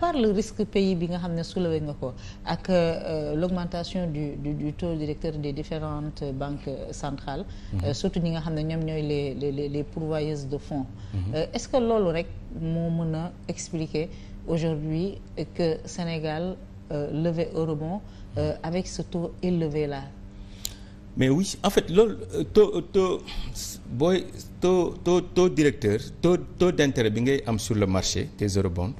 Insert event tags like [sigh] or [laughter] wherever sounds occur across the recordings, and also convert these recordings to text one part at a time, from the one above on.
par le risque pays bi nga xam ne soulevé nga ko ak euh, l'augmentation du du du taux directeur des différentes banques centrales. Mhm. Euh, surtout ñi nga xam ne ñoom ñooy les les les pourvoyeuses de fonds. Mhm. Euh, est-ce que loolu rek moo mën a expliquer aujourd'hui que Sénégal levait au rebond mhm. avec ce taux élevé là. mais oui en fait loolu taux taux booy taux taux taux directeur taux taux d'intérêt bi ngay am sur le marché des eurobonds.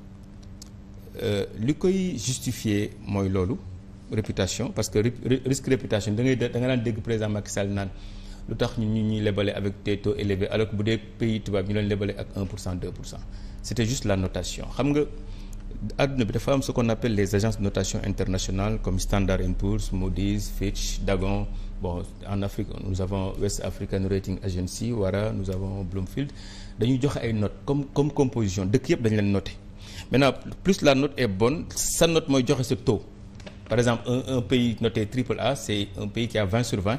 Euh, li koy justifier mooy loolu réputation parce que risque réputation da nga daan dégg président Macky Sall naan lu tax ñun ñu ñuy lebale avec des taux élevés alors que bu dee pays tubaab ñu leen lebale ak 1 pour cent pour cent c' était juste la notation xam nga àdduna bi dafa am ce qu'on appelle les agences de notation internationales comme Standard and Poor's Moody's Fitch Dagon bon en Afrique nous avons West African Rating Agency WARA nous avons Bloomfield dañuy joxe ay notes comme comme composition dëkk yëpp dañ leen noté maintenant plus la not e bonne sa not mooy joxe sa taux par exemple un un pays noté triple A c'est un pays qui a 20 sur 20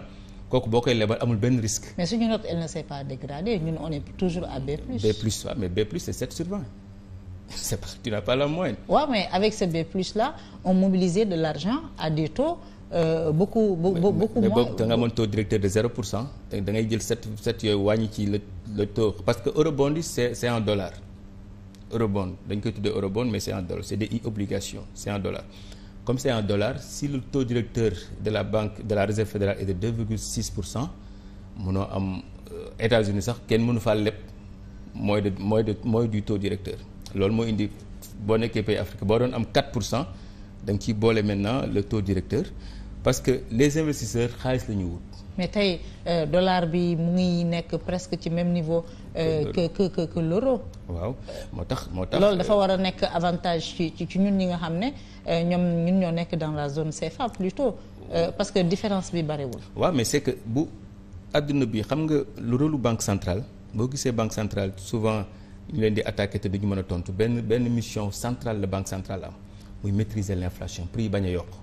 kooku boo koy lebal amul benn risque. mais suñu note elle ne s'est pas dégradée ñun on est toujours à B+. B+ waaw B+ c'est sur 20. c'est pas la moyenne. waaw avec ce B+ là on mobilisait de l'argent à des taux euh, beaucoup be, be, moins. mais boobu taux directeur de 0 pour cent da ngay jël 7 7 wàññi ci le le taux parce que eurobond c'est c'est en eurobond dañ koy tuddee eurobond mais c'est en dollars c'est des i obligations c'est en dollars comme c'est en dollars si le taux directeur de la banque de la réserve fédérale est de 2,6 pour cent munoo am euh, États-Unis sax kenn mënu fa lépp mooy de mooy de mooy du taux directeur loolu moo indi boo nekkee pays Afrique boo doon am 4 pour cent da nga ciy boole maintenant le taux directeur parce que les investisseurs xaalis la ñu wut. mais tey euh, dollar bi mu ngi nekk presque ci même niveau. Euh, que que que waaw moo tax moo tax. lool dafa euh, war a nekk avantage ci ci ñun ñi nga xam ne euh, ñoom ñun ñoo nekk dans la zone CFA plutôt euh, parce que différence bi barewul. waaw mais c'est que bu àdduna bi xam nga lu rôle banque centrale boo gisee banque centrale souvent ñu leen di attaqué te duñu mën a tontu benn benn mission centrale la banque centrale am muy maîtriser l'inflation prix yi bañ a yokk.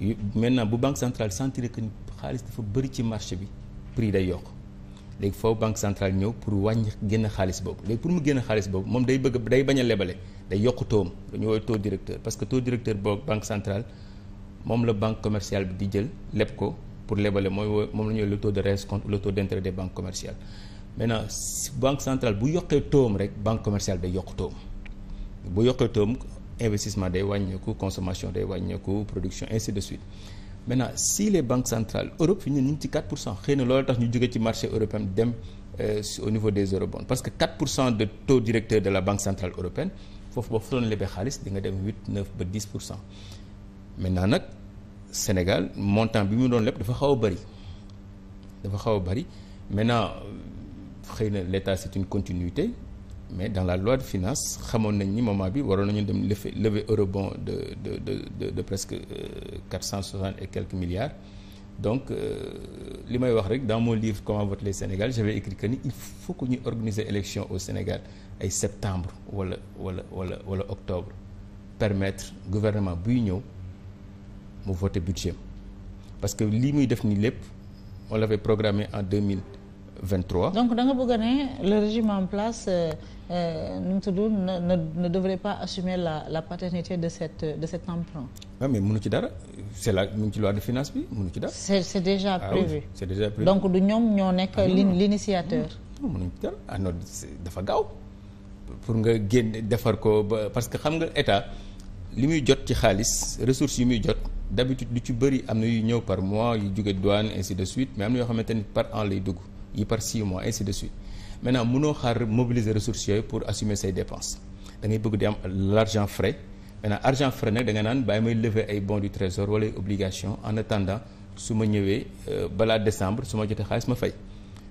maintenant bu banque centrale sentir que xaalis dafa bëri ci marché bi prix day yokk léegi foofu banque centrale ñëw pour wàññi génn xaalis boobu léegi pour mu génn xaalis boobu moom day bëgg day bañ a lebale day yokk taux dañu woowee taux directeur parce que taux directeur boobu banque centrale moom la banque commerciale bi di jël lépp ko pour lebale mooy woo moom la ñuy le taux de rescompte le taux d'intérêt des banques commerciales maintenant banque centrale bu yokkee taux rek banque commerciale day yokk taux bu investissement day wàññeeku consommation day wàññeeku production ainsi de suite maintenant si les banques centrales Europe fi ñu ngi ci 4 pour cent xëy na loolu tax ñu jóge ci marché européen dem euh, au niveau des eurobonds parce que 4 pour cent de taux directeur de la banque centrale européenne foofu boo fa doon lebee xaalis di nga dem 8 9 ba 10 pour maintenant nag Sénégal montant bi mu doon lépp dafa xaw a bëri dafa xaw a bëri maintenant xëy na l'État c'est une continuité mais dans la loi de finance xamoon nañ ni moment bi waroon nañu dem lever lever eurobond de de de de de presque euh, quatre cent soixante et quelques milliards. donc euh, li may wax rek dans mon livre comment voter les Sénégal j'avais écrit que ni il faut que ñuy organiser élection au Sénégal ay septembre wala wala wala wala octobre permettre gouvernement buy ñëw mu voter budget parce que lii muy def nii lépp on l'avait programmé en 2000 23. donc da nga bëgg a ne le régime place euh, euh, nu mu tudd ne ne ne devrait pas assumer la la paternité de de cet emprunt. waaw ah, mais mënu ci dara c' est la mu ngi ci loi de finance bi mënu ci dara. c' est c' est déjà prévu donc du ñoom ñoo nekk l' ah initiateur. non mënuñ ci dara ah dafa gaaw pour nga génn defar ko ba parce que xam nga état li muy jot ci xaalis ressources yi muy jot. d'habitude lu ci bëri am na yu ñëw par mois yu jóge douane ainsi de suite mais am na yoo xamante ni par an lay dugg yi par six mois ainsi de suite maintenant mënoo xaar mobiliser ressources yooyu pour assumer say dépenses da ngay bëgg di am l' argent frais maintenant argent frais nag da naan bàyyi may lever ay bons du trésor wala ay obligations en attendant su ma ñëwee euh, balaa décembre su ma jotee xaalis ma fay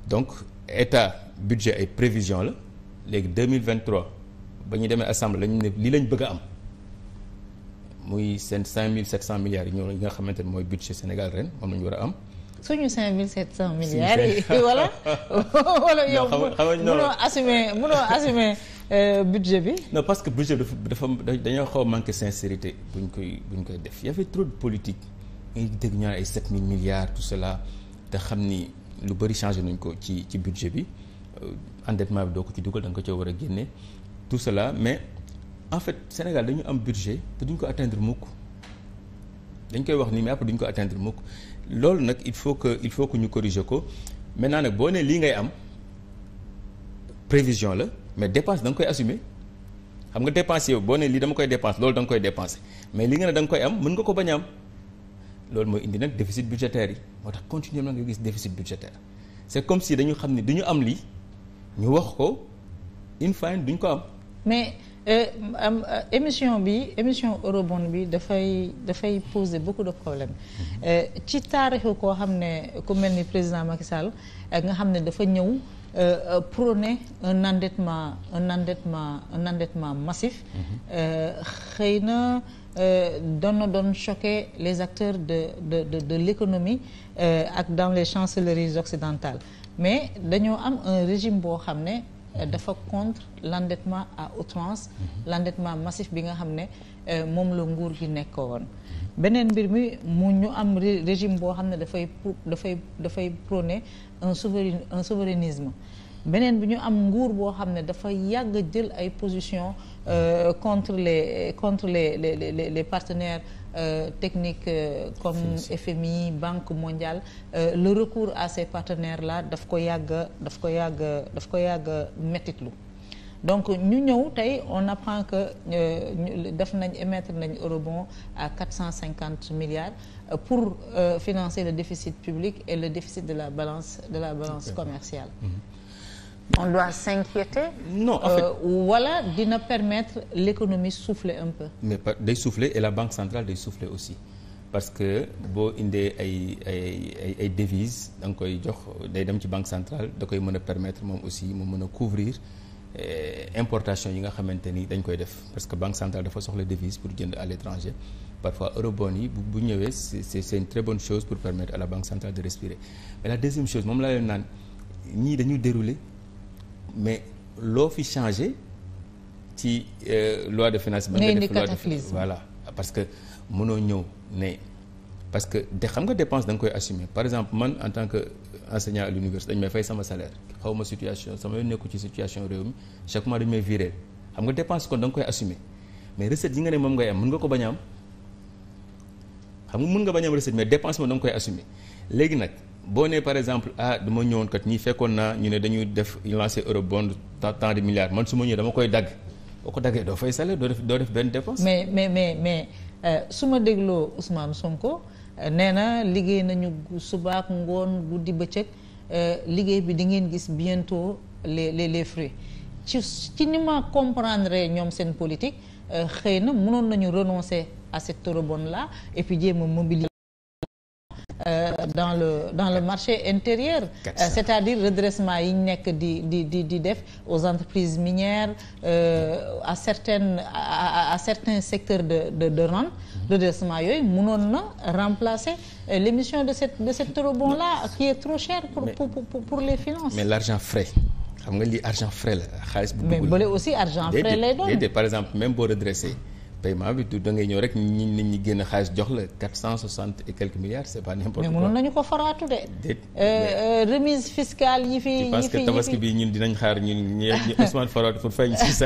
donc état budget ay prévision la léegi 2023 ba ñu demee assemblée lañu ne li lañ bëgg a am muy seen 5700 milliards yi ñoo nga xamante ne mooy budget Sénégal ren moom la war a am suñu cinq mille sept cent milliards yi voilà [laughs] wala yow mënoo assumer mënoo assumer euh, budget bi non parce que budget bi dafa dafa dañoo xaw a manqué sincérité buñ koy buñ koy def y avait trop de politique ngay dégg ñaan ay sept mille milliards tout cela te xam ni lu bëri changé nañ ko ci ci budget bi euh, endettement bi doo ko ci dugal da ko ci war a génne tout cela mais en fait Sénégal dañu am budget te duñ ko atteindre mukk dañ koy wax nii mais après duñ ko atteindre mukk loolu nag il faut que il faut que ñu corriger ko naa nag boo nee lii ngay am prévision la mais dépense da nga koy assumer xam nga dépense yow boo nee lii dama koy dépense loolu da nga koy dépenser mais li nga ne danga koy am mën nga ko bañ am loolu mooy indi nag déficit budgétaire yi moo tax continuer na nga gis déficit budgétaire c'est comme si dañu xam ne duñu am lii ñu wax ko in fine duñu ko am mais Euh, am euh, émission bi émission eurobond bi dafay dafay poser beaucoup de problèmes mhm. euh, ci taarixu koo xam ne ku mel ni président Macky Sall nga xam ne dafa ñëw prôner un endettement un endettement un endettement massif mhm. xëy na doon na doon choquer les acteurs de de de de l'économie ak dans les chancelleries occidentales mais dañoo am un régime boo xam ne Euh, dafa contre l'endettement à outrance l'endettement massif bi nga xam ne euh, moom la nguur gi nekkoo woon beneen mbir mi mu ñu am régime boo xam ne dafay dafay dafay prôner un souverain un souverainisme beneen bi ñu am nguur boo xam ne dafa yàgg jël ay positions euh, contre les contre les les les les partenaires euh, techniques euh, comme FMI Banque mondiale euh, le recours à ces partenaires là daf ko yàgg daf ko yàgg daf ko yàgg mettitlu donc ñu ñëw tey on apprend que euh, def nañ émettre nañ eurobond à quatre cent cinquante milliards euh, pour euh, financer le déficit public et le déficit de la balance de la balance commerciale mm-hmm. on doit s'inquiéter non en fait wala euh, dina permettre l'économie souffler un peu mais pas day souffler et la banque centrale day souffler aussi parce que boo indee ay ay ay devises da nga koy jox day dem ci banque centrale da koy mën a permettre moom aussi mu mën a couvrir eh, importation yi nga xamante ni dañ koy def parce que banque centrale dafa soxla devise pour jënd à l'étranger parfois eurobond yi bu ñëwee c'est c'est une très bonne chose pour permettre la banque centrale de respirer mais la deuxième moom laa leen naan ñii dañu dérouler mais loo fi changé ci euh, loi de finance. ba nga def loi parce que mënoo ñëw ne parce que de xam nga dépense da nga koy assumer par exemple man en tant que enseignant à l'université dañ may fay sama salaire xaw ma situation sama yoon nekku ci situation réew mi chaque mois dañu may virer xam nga dépense kon da nga koy mais recette yi nga ne moom ngay am mën nga ko bañ a xam nga mun nga bañ a am recette mais dépense moom da nga koy assumer léegi nag. boo nee par exemple ah dama ñëwoon kat ñi fekkoon naa ñu ne dañuy def lancer eurobond tant de milliards man su ma dama koy dagg boo ko daggee doo fay salaire doo def doo def benn dépense. mais mais mais mais euh, su ma dégloo Ousmane Sonko euh, nee na liggéey nañu subaak ngoon guddi bëccëg euh, liggéey bi di ngeen gis bientôt les les les fruits ci ci ni ma comprendre ñoom seen politique xëy na mënoon nañu renoncer à cette eurobond là et puis jéem dans le dans le marché intérieur euh, c'est-à-dire redressement yi ñu nekk di di di di def aux entreprises minières euh, à certaines à, à, à certains secteurs de de de rente mhm. redressement yooyu mënoon na remplacer euh, l'émission de cette de cet eurobond là qui est trop cher pour mais, les finances mais l'argent frais xam nga lii argent frais la xaalis bu dugg mais bële aussi argent frais lay par exemple même boo redressé paiement bi du da ngay ñëw rek ñi nit ñi génn xaalis jox la quatre cent soixante et quelques milliards c'est pas n'importe mais mënoon nañu ko faraatu de. Euh, euh, remise fiscale yi fi yi parce que tabaski bi ñun dinañ xaar ñun ñee ñu Ousmane faraatu pour fay ñu si [laughs]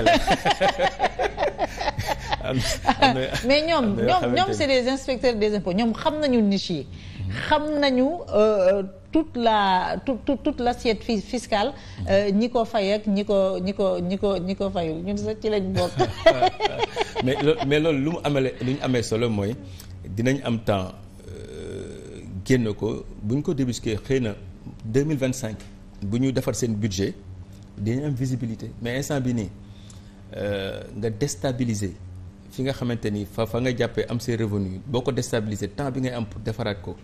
mais ñoom ñoom ñoom c'est des inspecteurs des impôts ñoom xam nañu niche yi. xam nañu euh, toute la toute la toute l'assiette fiscale ñi ko fay ak ñi ko ñi ko ñi ko ñi ko fayul ñun sax ci lañ bokk. [laughs] mais mais loolu lu mu amee lu ñu amee solo mooy dinañ am temps euh, génn ko bu ñu ko débusqué xëy na deux mille vingt cinq bu ñu defar seen budget dinañ am visibilité mais instant bi nii euh, nga déstabiliser fi nga xamante ni fa fa nga jàppee am ses revenus boo ko déstabiliser temps bi ngay am pour defaraat ko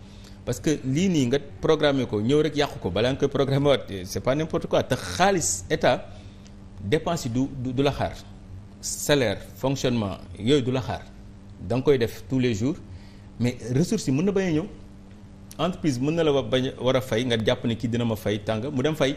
parce que lii nii nga programmer ko ñëw rek yàqu ko balaa nga koy programmer waat c'est pas n'importe quoi te xaalis état dépense yi du du la xaar. salaire fonctionnement yooyu du la xaar da koy def tous les jours mais ressources yi mën na bañ a ñëw entreprise mën na la wa bañ war a fay nga jàpp ne kii dina ma fay tàng mu dem fay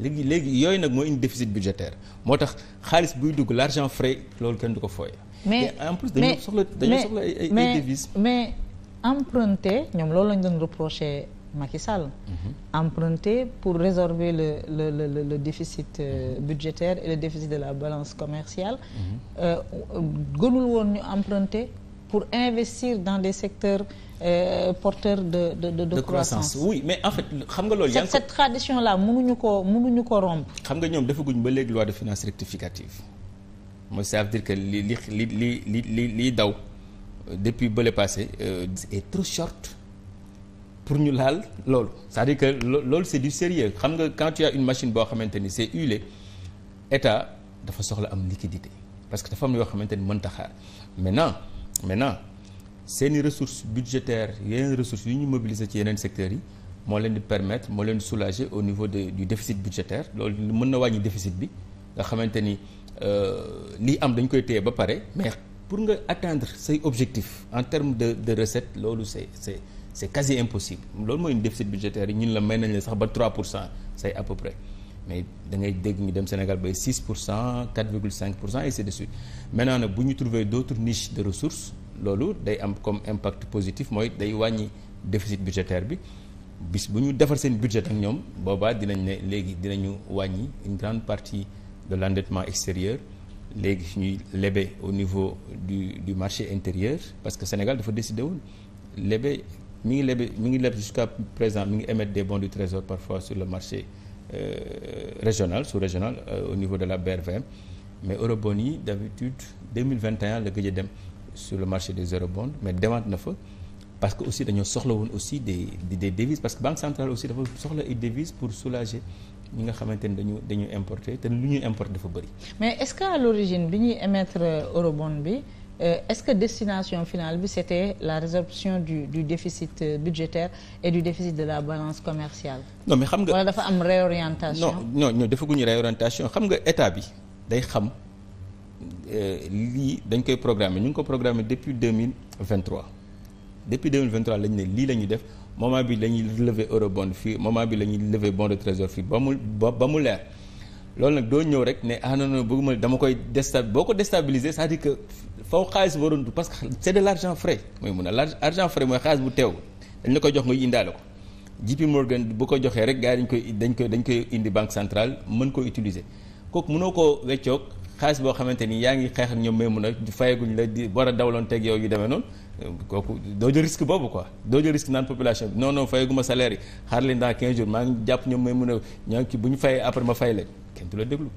léegi léegi yooyu nag mooy indi déficit budgétaire moo tax xaalis buy dugg l'argent frais loolu kenn du ko fooye mais en plus dañoo soxla dañoo soxla ay ay mais emprunté ñoom loolu lañ doon reproché Macky Sall. Mhm. emprunté pour résorber le le le le déficit euh, mhm. budgétaire et le déficit de la balance commerciale. Mhm. Euh, gënul woon ñu emprunté pour investir dans des secteurs euh, porteurs de de de de croissance. oui mais en fait xam nga loolu. yaa cette tradition là mënuñu ko mënuñu ko rompre. xam nga ñoom defaguñ ba léegi loi de finances rectificative mooy ça veut dire que li li li li li daw depuis bële passé et trop short. pour ñu laal loolu c'est-à-dire que loolu c'est du sérieux xam nga quand une machine boo xamante ni c'est huilé état dafa soxla am liquidité parce que dafa am yoo xamante ni mënta xaar maintenant maintenant seeni ressources budgétaires yeneen ressources yu ñu mobiliser ci yeneen secteurs yi moo leen di permettre moo leen di soulager au niveau de du déficit budgétaire loolu mën na wàññi déficit bi nga xamante ni euh, lii am dañ koy téye ba pare mais pour nga atteindre say objectif en termes de de recette loolu c'est c'est c' est quasi impossible loolu mooy une déficit budgétaire yi ñun la may nañ la sax ba 3 pour cent c'est à peu près mais da ngay dégg ñu dem Sénégal bay 6 pour cent 4,5 pour cent et ainsi de suite maintenant nag bu ñu trouver d' autres de ressources loolu day am comme impact positif mooy day wàññi déficit budgétaire bi bis bu ñu defar seen budget ak ñoom boobaa dinañ ne léegi dinañu wàññi une grande partie de l' endettement extérieur léegi ñuy lebe au niveau du du marché intérieur parce que Sénégal dafa décidé woon mu ngi lebe mi ngi leb jusqu'à présent mi ngi émettre des bons du trésor parfois sur le marché euh, régional euh, de la BRVM mais eurobond yi d'habitude 2021 la gëj a dem sur le marché des eurobonds mais demaat na fa parce que aussi dañoo soxla woon aussi des des devises parce que banque centrale aussi dafa soxla ay devises pour soulager ñi nga xamante ni dañu dañu importer te lu ñuy importer dafa bëri. mais est l'origine bi ñuy émettre eurobond bi. Euh, est-ce que destination finale bi c'était la résorption du du déficit euh, budgétaire et du déficit de la balance commerciale. non mais xam nga wala dafa am réorientation. non non defaguñu réorientation xam nga état bi day xam euh, lii dañ koy programmer ñu ngi ko programmer depuis deux mille vingt trois depuis deux mille vingt trois lañ ne lii la ñuy def moment bi la ñuy lever eurobond fii moment bi la ñuy lever bon de fii ba mu ba mu leer. loolu nag doo ñëw rek ne ah non non bëgguma dama koy désta boo ko déstabiliser c'est-à-dire que faw xaalis waroon parce que c'est de l'argent frais mooy mun a l'argent frais mooy xaalis bu teew dañ la koy jox nga indaale ko JP Morgan bu ko joxee rek gars dañ koy dañ koy dañ koy indi banque centrale mën ko utiliser kooku munoo koo weccoog xaalis boo xamante ni yaa ngi xeex ñoom may mun a fayaguñ la di war a dawlanteeg yow yu demee noonu kooku doo jël boobu quoi doo jël naan population bi non non fayaguma salaire yi xaar leen dans 15 maa ngi jàpp ñoom may mun a ñoo ngi bu fayee après ma fay leen kenn du la déglu